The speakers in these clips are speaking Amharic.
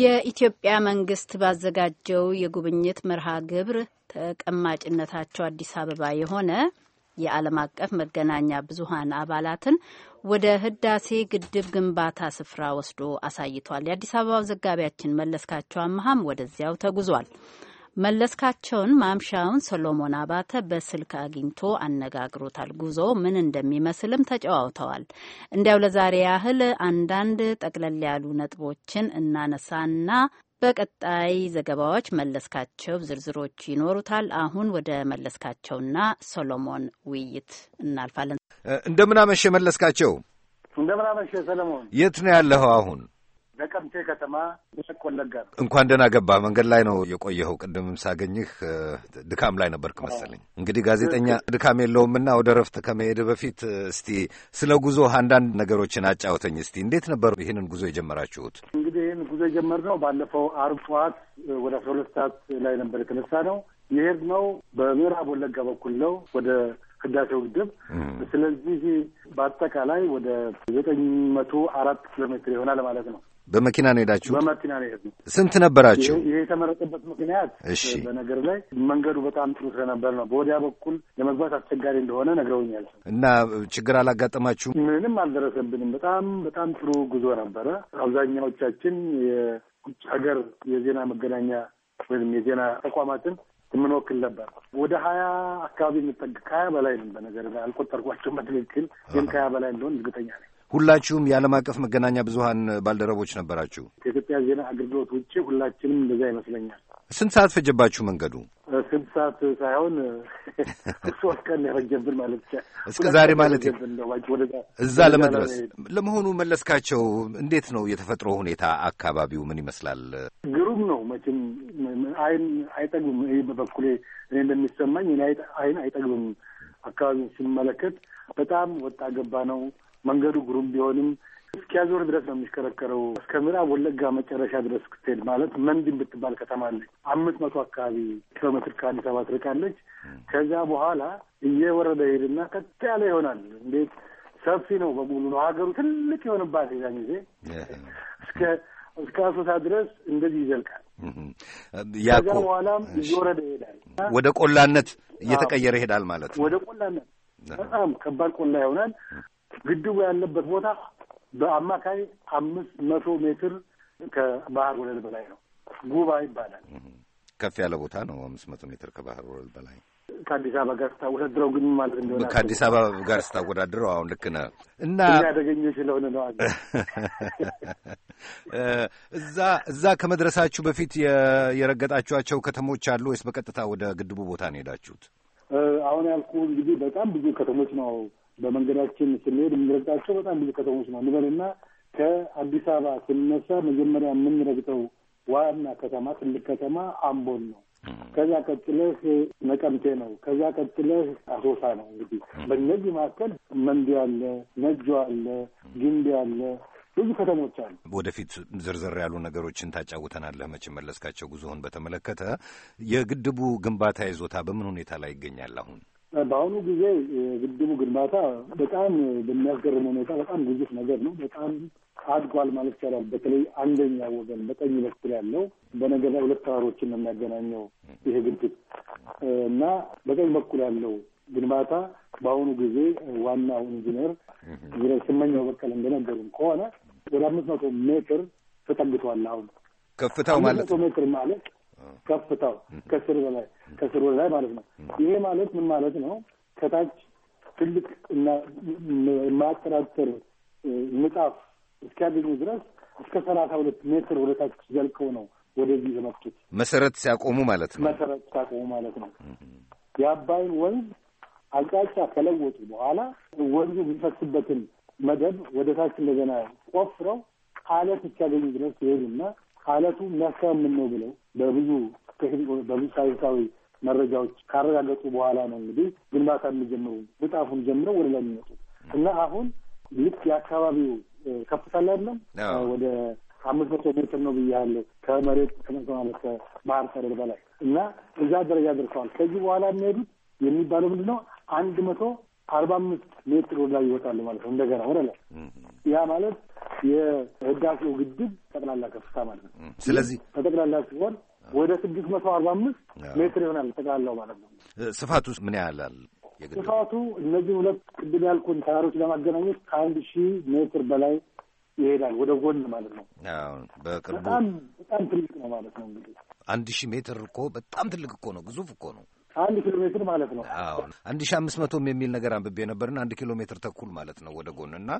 የኢትዮጵያ መንግስት ባዘጋጀው የጉብኝት መርሃ ግብር ተቀማጭነታቸው አዲስ አበባ የሆነ የዓለም አቀፍ መገናኛ ብዙሃን አባላትን ወደ ህዳሴ ግድብ ግንባታ ስፍራ ወስዶ አሳይቷል። የአዲስ አበባው ዘጋቢያችን መለስካቸው አመሃም ወደዚያው ተጉዟል። መለስካቸውን ማምሻውን ሰሎሞን አባተ በስልክ አግኝቶ አነጋግሮታል። ጉዞ ምን እንደሚመስልም ተጨዋውተዋል። እንዲያው ለዛሬ ያህል አንዳንድ ጠቅለል ያሉ ነጥቦችን እናነሳና በቀጣይ ዘገባዎች መለስካቸው ዝርዝሮች ይኖሩታል። አሁን ወደ መለስካቸውና ሰሎሞን ውይይት እናልፋለን። እንደምናመሸ መለስካቸው። እንደምናመሸ ሰለሞን። የት ነው ያለኸው አሁን? ነቀምቴ ከተማ ምስቅ ወለጋ ነው። እንኳን ደህና ገባ። መንገድ ላይ ነው የቆየኸው? ቅድምም ሳገኝህ ድካም ላይ ነበርክ መሰለኝ። እንግዲህ ጋዜጠኛ ድካም የለውምና ወደ ረፍት ከመሄድ በፊት እስቲ ስለ ጉዞ አንዳንድ ነገሮችን አጫውተኝ እስቲ። እንዴት ነበር ይህንን ጉዞ የጀመራችሁት? እንግዲህ ይህን ጉዞ የጀመርነው ባለፈው አርብ ጠዋት ወደ አስራ ሁለት ሰዓት ላይ ነበር የተነሳ ነው የሄድነው በምዕራብ ወለጋ በኩል ነው ወደ ህዳሴው ግድብ። ስለዚህ በአጠቃላይ ወደ ዘጠኝ መቶ አራት ኪሎ ሜትር ይሆናል ማለት ነው። በመኪና ነው ሄዳችሁ? በመኪና ነው ሄድነው። ስንት ነበራችሁ? ይሄ የተመረጠበት ምክንያት እሺ፣ በነገር ላይ መንገዱ በጣም ጥሩ ስለነበር ነው። በወዲያ በኩል ለመግባት አስቸጋሪ እንደሆነ ነግረውኛል። እና ችግር አላጋጠማችሁ? ምንም አልደረሰብንም። በጣም በጣም ጥሩ ጉዞ ነበረ። አብዛኛዎቻችን የውጭ ሀገር የዜና መገናኛ ወይም የዜና ተቋማትን የምንወክል ነበር። ወደ ሀያ አካባቢ የምጠግ ከሀያ በላይ ነው። በነገር አልቆጠርኳቸውም በትክክል ግን ከሀያ በላይ እንደሆን እርግጠኛ ነኝ። ሁላችሁም የዓለም አቀፍ መገናኛ ብዙሀን ባልደረቦች ነበራችሁ። ከኢትዮጵያ ዜና አገልግሎት ውጭ ሁላችንም እንደዛ ይመስለኛል። ስንት ሰዓት ፈጀባችሁ መንገዱ? ስንት ሰዓት ሳይሆን ሶስት ቀን ያፈጀብን ማለት ይቻላል። እስከ ዛሬ ማለት እዛ ለመድረስ ለመሆኑ መለስካቸው፣ እንዴት ነው የተፈጥሮ ሁኔታ? አካባቢው ምን ይመስላል? ግሩም ነው መቼም አይን አይጠግብም። ይህ በበኩሌ እኔ እንደሚሰማኝ አይን አይጠግብም። አካባቢውን ስንመለከት በጣም ወጣ ገባ ነው። መንገዱ ግሩም ቢሆንም እስኪያዞር ድረስ ነው የሚሽከረከረው። እስከ ምዕራብ ወለጋ መጨረሻ ድረስ ክትሄድ ማለት መንድ ብትባል ከተማ አለች። አምስት መቶ አካባቢ ኪሎ ሜትር ከአዲስ አበባ ትርቃለች። ከዛ በኋላ እየወረደ ሄድና ከት ያለ ይሆናል። እንዴት ሰፊ ነው በሙሉ ነው ሀገሩ ትልቅ የሆንባት የዛን ጊዜ እስከ እስከ አሶሳ ድረስ እንደዚህ ይዘልቃል። ከዛ በኋላም እየወረደ ይሄዳል። ወደ ቆላነት እየተቀየረ ይሄዳል ማለት ነው። ወደ ቆላነት በጣም ከባድ ቆላ ይሆናል። ግድቡ ያለበት ቦታ በአማካይ አምስት መቶ ሜትር ከባህር ወለል በላይ ነው። ጉባ ይባላል። ከፍ ያለ ቦታ ነው። አምስት መቶ ሜትር ከባህር ወለል በላይ ከአዲስ አበባ ጋር ስታወዳድረው ግን ማለት እንደሆነ ከአዲስ አበባ ጋር ስታወዳድረው አሁን ልክ ነህ። እና ያደገኘ ስለሆነ ነው። እዛ እዛ ከመድረሳችሁ በፊት የረገጣችኋቸው ከተሞች አሉ ወይስ በቀጥታ ወደ ግድቡ ቦታ ነው ሄዳችሁት? አሁን ያልኩ እንግዲህ በጣም ብዙ ከተሞች ነው በመንገዳችን ስንሄድ የምንረግጣቸው በጣም ብዙ ከተሞች ነው እንበልና ከአዲስ አበባ ስንነሳ መጀመሪያ የምንረግጠው ዋና ከተማ ትልቅ ከተማ አምቦን ነው። ከዛ ቀጥለህ ነቀምቴ ነው። ከዛ ቀጥለህ አሶሳ ነው። እንግዲህ በእነዚህ መካከል መንዲ አለ፣ ነጆ አለ፣ ግንቢ አለ፣ ብዙ ከተሞች አሉ። ወደፊት ዝርዝር ያሉ ነገሮችን ታጫውተናለህ። መቼ መለስካቸው ጉዞህን በተመለከተ የግድቡ ግንባታ ይዞታ በምን ሁኔታ ላይ ይገኛል አሁን? በአሁኑ ጊዜ የግድቡ ግንባታ በጣም በሚያስገርም ሁኔታ በጣም ግዙፍ ነገር ነው። በጣም አድጓል ማለት ይቻላል። በተለይ አንደኛ ወገን በቀኝ በኩል ያለው በነገር ላይ ሁለት ተራሮችን ነው የሚያገናኘው ይሄ ግድብ እና በቀኝ በኩል ያለው ግንባታ በአሁኑ ጊዜ ዋናው ኢንጂነር ኢንጂነር ስመኛው በቀል እንደነገሩን ከሆነ ወደ አምስት መቶ ሜትር ተጠግቷል። አሁን ከፍታው ማለት ነው ሜትር ማለት ከፍታው ከስር በላይ ከስር በላይ ማለት ነው። ይሄ ማለት ምን ማለት ነው? ከታች ትልቅ እና የማያጠራጥር ንጣፍ እስኪያገኙ ድረስ እስከ ሰላሳ ሁለት ሜትር ወደ ታች ዘልቀው ነው ወደዚህ የመጡት። መሰረት ሲያቆሙ ማለት ነው። መሰረት ሲያቆሙ ማለት ነው። የአባይን ወንዝ አቅጣጫ ከለወጡ በኋላ ወንዙ የሚፈስበትን መደብ ወደ ታች እንደገና ቆፍረው አለት እስኪያገኙ ድረስ ይሄዱና አለቱ የሚያስታምን ነው ብለው በብዙ በብዙ ሳይንሳዊ መረጃዎች ካረጋገጡ በኋላ ነው እንግዲህ ግንባታ የሚጀምሩ ምጣፉን ጀምረው ወደ ላይ የሚመጡ እና አሁን ልክ የአካባቢው ከፍታ ላይ አይደለም ወደ አምስት መቶ ሜትር ነው ብያለሁ ከመሬት ከመቶ ማለት ከባህር ጠለል በላይ እና እዛ ደረጃ ደርሰዋል። ከዚህ በኋላ የሚሄዱት የሚባለው ምንድን ነው አንድ መቶ አርባ አምስት ሜትር ወደ ላይ ይወጣሉ ማለት ነው። እንደገና ወደ ላይ ያ ማለት የህዳሴው ግድብ ጠቅላላ ከፍታ ማለት ነው። ስለዚህ ተጠቅላላ ሲሆን ወደ ስድስት መቶ አርባ አምስት ሜትር ይሆናል ተቃለው ማለት ነው። ስፋቱ ምን ያህላል? ስፋቱ እነዚህ ሁለት ቅድም ያልኩን ተራሮች ለማገናኘት ከአንድ ሺህ ሜትር በላይ ይሄዳል ወደ ጎን ማለት ነው። በቅርቡ በጣም በጣም ትልቅ ነው ማለት ነው። እንግዲህ አንድ ሺህ ሜትር እኮ በጣም ትልቅ እኮ ነው፣ ግዙፍ እኮ ነው። አንድ ኪሎ ሜትር ማለት ነው። አዎ አንድ ሺ አምስት መቶም የሚል ነገር አንብቤ ነበርና አንድ ኪሎ ሜትር ተኩል ማለት ነው ወደ ጎን እና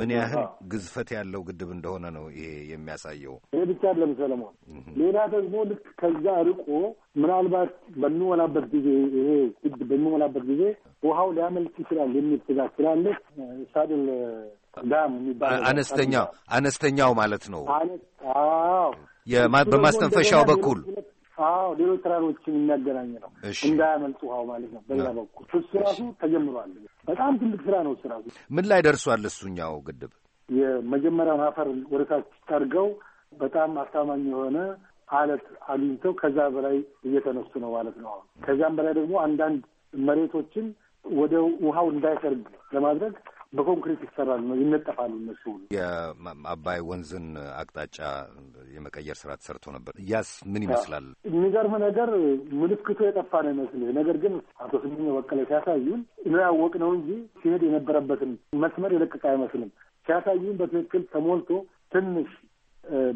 ምን ያህል ግዝፈት ያለው ግድብ እንደሆነ ነው ይሄ የሚያሳየው። ይሄ ብቻ አይደለም ሰለሞን፣ ሌላ ደግሞ ልክ ከዛ ርቆ ምናልባት በሚሞላበት ጊዜ ይሄ ግድብ በሚሞላበት ጊዜ ውሃው ሊያመልጥ ይችላል የሚል ስጋት ስላለች ሳድል ዳም የሚባለው አነስተኛው አነስተኛው ማለት ነው በማስተንፈሻው በኩል አዎ ሌሎች ተራሮችን የሚያገናኝ ነው። እንዳያመልጥ ውሃው ማለት ነው። በዛ በኩል ሱ ራሱ ተጀምሯል። በጣም ትልቅ ስራ ነው። ስራሱ ራሱ ምን ላይ ደርሷል? እሱኛው ግድብ የመጀመሪያውን አፈር ወደ ታች ጠርገው በጣም አስተማማኝ የሆነ አለት አግኝተው ከዛ በላይ እየተነሱ ነው ማለት ነው። አሁን ከዚያም በላይ ደግሞ አንዳንድ መሬቶችን ወደ ውሃው እንዳይሰርግ ለማድረግ በኮንክሪት ይሰራል ነው ይነጠፋሉ። እነሱ የአባይ ወንዝን አቅጣጫ የመቀየር ስራ ተሰርቶ ነበር። ያስ ምን ይመስላል? የሚገርም ነገር ምልክቱ የጠፋ ነው ይመስልህ። ነገር ግን አቶ ስምኝ በቀለ ሲያሳዩን ነው ያወቅነው እንጂ ሲሄድ የነበረበትን መስመር የለቀቀ አይመስልም። ሲያሳዩን በትክክል ተሞልቶ ትንሽ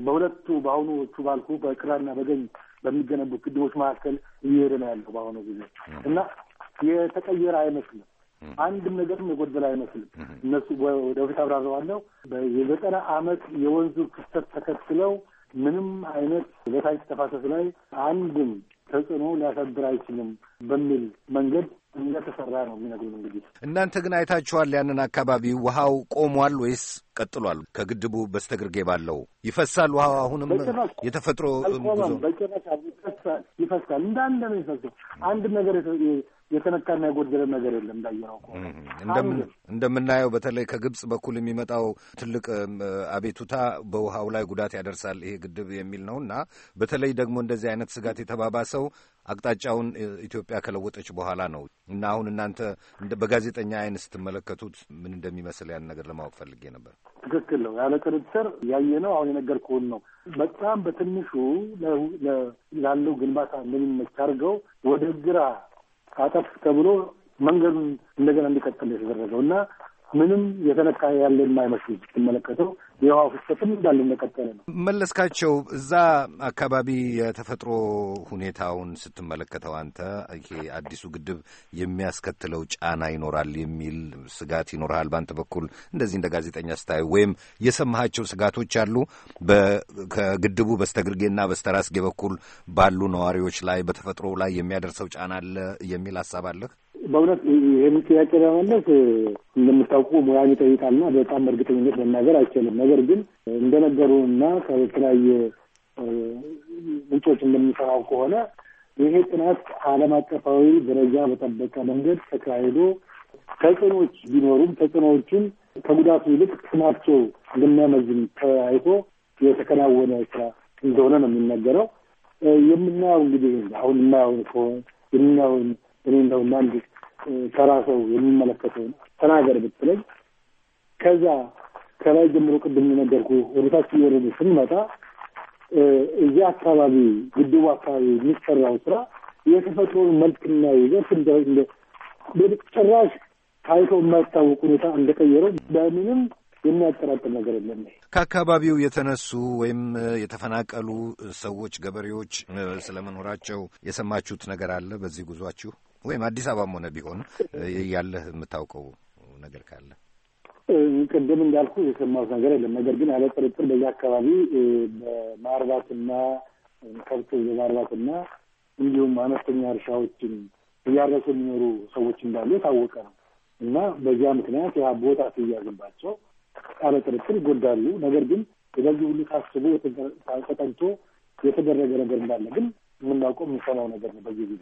በሁለቱ በአሁኖቹ ባልኩ በቅራና በገኝ በሚገነቡት ግድቦች መካከል እየሄደ ነው ያለው በአሁኑ ጊዜ እና የተቀየረ አይመስልም። አንድም ነገር የጎደለ አይመስልም። እነሱ ወደፊት አብራረዋለሁ። የዘጠና አመት የወንዙ ክስተት ተከትለው ምንም አይነት በታች ተፋሰስ ላይ አንድም ተጽዕኖ ሊያሳድር አይችልም በሚል መንገድ እንደተሰራ ነው የሚነግሩን። እንግዲህ እናንተ ግን አይታችኋል ያንን አካባቢ ውሃው ቆሟል ወይስ ቀጥሏል? ከግድቡ በስተግርጌ ባለው ይፈሳል ውሃው አሁንም የተፈጥሮ ጉዞ ይፈሳል። እንዳንድ ነው ይፈሳል። አንድም ነገር የተነካና የጎደለ ነገር የለም። እንዳየነው እንደምናየው በተለይ ከግብጽ በኩል የሚመጣው ትልቅ አቤቱታ በውሃው ላይ ጉዳት ያደርሳል ይሄ ግድብ የሚል ነው እና በተለይ ደግሞ እንደዚህ አይነት ስጋት የተባባሰው አቅጣጫውን ኢትዮጵያ ከለወጠች በኋላ ነው እና አሁን እናንተ በጋዜጠኛ አይን ስትመለከቱት ምን እንደሚመስል ያን ነገር ለማወቅ ፈልጌ ነበር። ትክክል ነው። ያለ ጥርጥር ያየነው አሁን የነገርኩህን ነው። በጣም በትንሹ ላለው ግንባታ እንደሚመች አድርገው ወደ ግራ አጠፍ ተብሎ መንገዱን እንደገና እንዲቀጥል የተደረገው እና ምንም የተነካ ያለ የማይመስል ስትመለከተው የውሃ ፍሰትም እንዳለ እንደቀጠለ ነው። መለስካቸው፣ እዛ አካባቢ የተፈጥሮ ሁኔታውን ስትመለከተው አንተ ይሄ አዲሱ ግድብ የሚያስከትለው ጫና ይኖራል የሚል ስጋት ይኖርሃል በአንተ በኩል እንደዚህ እንደ ጋዜጠኛ ስታዩ ወይም የሰማሃቸው ስጋቶች አሉ ከግድቡ በስተግርጌና በስተራስጌ በኩል ባሉ ነዋሪዎች ላይ በተፈጥሮ ላይ የሚያደርሰው ጫና አለ የሚል ሀሳብ አለህ? በእውነት ይህን ጥያቄ ለመመለስ እንደምታውቁ ሙያን ይጠይቃልና በጣም በእርግጠኝነት መናገር አይችልም። ነገር ግን እንደነገሩ እና ከተለያየ ምንጮች እንደሚሰማው ከሆነ ይሄ ጥናት ዓለም አቀፋዊ ደረጃ በጠበቀ መንገድ ተካሂዶ ተጽዕኖዎች ቢኖሩም ተጽዕኖዎችን ከጉዳቱ ይልቅ ስማቸው እንደሚያመዝን ተያይቶ የተከናወነ ስራ እንደሆነ ነው የሚነገረው። የምናየው እንግዲህ አሁን የማየው የምናየውን እኔ እንደው አንድ ተራ ሰው የሚመለከተውን ተናገር ብትለኝ ከዛ ከላይ ጀምሮ ቅድም የነገርኩ ታች እየወረዱ ስንመጣ እዚህ አካባቢ ግድቡ አካባቢ የሚሰራው ስራ የተፈጥሮን መልክና ይዘት ጭራሽ ታይቶ የማይታወቅ ሁኔታ እንደቀየረው በምንም የሚያጠራጥር ነገር የለም። ከአካባቢው የተነሱ ወይም የተፈናቀሉ ሰዎች ገበሬዎች ስለመኖራቸው የሰማችሁት ነገር አለ በዚህ ጉዟችሁ? ወይም አዲስ አበባም ሆነ ቢሆን ያለህ የምታውቀው ነገር ካለ ቅድም እንዳልኩ የሰማሁት ነገር የለም። ነገር ግን ያለ ጥርጥር በዚህ አካባቢ በማርባትና ከብት በማርባትና እንዲሁም አነስተኛ እርሻዎችን እያረሱ የሚኖሩ ሰዎች እንዳሉ የታወቀ ነው እና በዚያ ምክንያት ያ ቦታ ትያዝባቸው ያለ ጥርጥር ይጎዳሉ። ነገር ግን በዚህ ሁሉ ታስቦ ተጠንቶ የተደረገ ነገር እንዳለ ግን የምናውቀው የምንሰማው ነገር ነው ጊዜ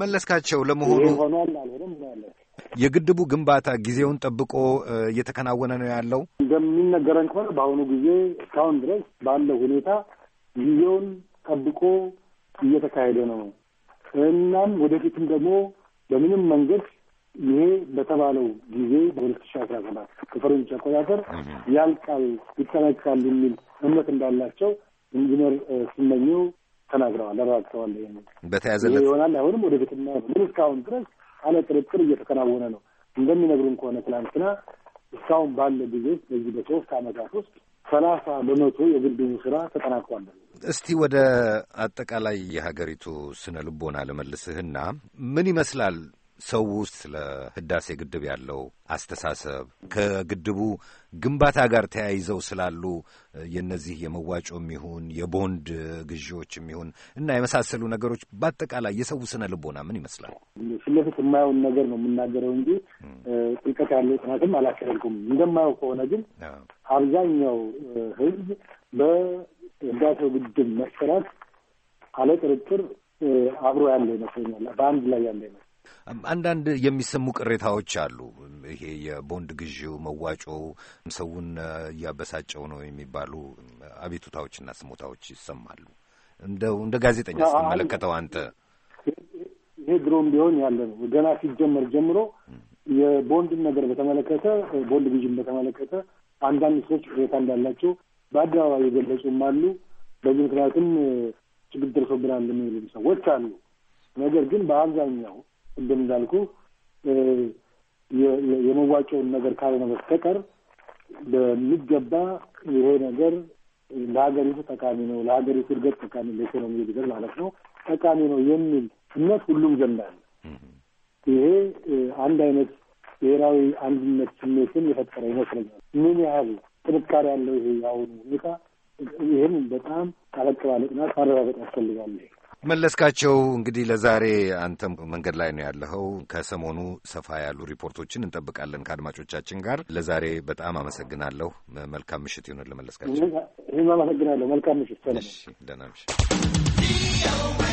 መለስካቸው፣ ለመሆኑ የግድቡ ግንባታ ጊዜውን ጠብቆ እየተከናወነ ነው ያለው? እንደሚነገረን ከሆነ በአሁኑ ጊዜ እስካሁን ድረስ ባለው ሁኔታ ጊዜውን ጠብቆ እየተካሄደ ነው። እናም ወደፊትም ደግሞ በምንም መንገድ ይሄ በተባለው ጊዜ በሁለት ሺ አስራ ሰባት በፈረንጆች አቆጣጠር ያልቃል ይጠናቀቃል የሚል እምነት እንዳላቸው ኢንጂነር ስመኘው ተናግረዋል፣ አረጋግጠዋል። በተያዘለት ይሆናል አይሆንም ወደፊት እናያለን። ምን እስካሁን ድረስ አለ ጥርጥር እየተከናወነ ነው። እንደሚነግሩን ከሆነ ትላንትና እስካሁን ባለ ጊዜ በዚህ በሶስት አመታት ውስጥ ሰላሳ በመቶ የግድቡ ስራ ተጠናቋል። እስቲ ወደ አጠቃላይ የሀገሪቱ ስነ ልቦና ልመልስህና ምን ይመስላል ሰው ውስጥ ስለ ህዳሴ ግድብ ያለው አስተሳሰብ ከግድቡ ግንባታ ጋር ተያይዘው ስላሉ የነዚህ የመዋጮም ይሁን የቦንድ ግዢዎችም ይሁን እና የመሳሰሉ ነገሮች በአጠቃላይ የሰው ስነ ልቦና ምን ይመስላል? ፊት ለፊት የማየውን ነገር ነው የምናገረው እንጂ ጥልቀት ያለው ጥናትም አላካሄድኩም። እንደማየው ከሆነ ግን አብዛኛው ህዝብ በህዳሴው ግድብ መሰራት አለ ጥርጥር አብሮ ያለ ይመስለኛል። በአንድ ላይ ያለ ይመስለኛል። አንዳንድ የሚሰሙ ቅሬታዎች አሉ። ይሄ የቦንድ ግዢው መዋጮው ሰውን እያበሳጨው ነው የሚባሉ አቤቱታዎችና ስሞታዎች ይሰማሉ። እንደው እንደ ጋዜጠኛ ስትመለከተው አንተ ይሄ ድሮም ቢሆን ያለ ነው። ገና ሲጀመር ጀምሮ የቦንድን ነገር በተመለከተ ቦንድ ግዢን በተመለከተ አንዳንድ ሰዎች ቅሬታ እንዳላቸው በአደባባይ የገለጹም አሉ። በዚህ ምክንያትም ችግር ደርሶብናል የሚሉም ሰዎች አሉ። ነገር ግን በአብዛኛው ቅድም እንዳልኩ የመዋጮውን ነገር ካልሆነ በስተቀር በሚገባ ይሄ ነገር ለሀገሪቱ ጠቃሚ ነው፣ ለሀገሪቱ እድገት ጠቃሚ፣ ለኢኮኖሚ እድገት ማለት ነው ጠቃሚ ነው የሚል እምነት ሁሉም ዘንድ አለ። ይሄ አንድ አይነት ብሔራዊ አንድነት ስሜትን የፈጠረ ይመስለኛል። ምን ያህል ጥንካሬ ያለው ይሄ የአሁኑ ሁኔታ ይህም በጣም ጠለቅ ባለ ጥናት ማረጋገጥ ያስፈልጋል። መለስካቸው እንግዲህ ለዛሬ አንተም መንገድ ላይ ነው ያለኸው። ከሰሞኑ ሰፋ ያሉ ሪፖርቶችን እንጠብቃለን ከአድማጮቻችን ጋር። ለዛሬ በጣም አመሰግናለሁ። መልካም ምሽት ይሁንልህ ለመለስካቸው። እኔም አመሰግናለሁ። መልካም ምሽት። ደህና ምሽት።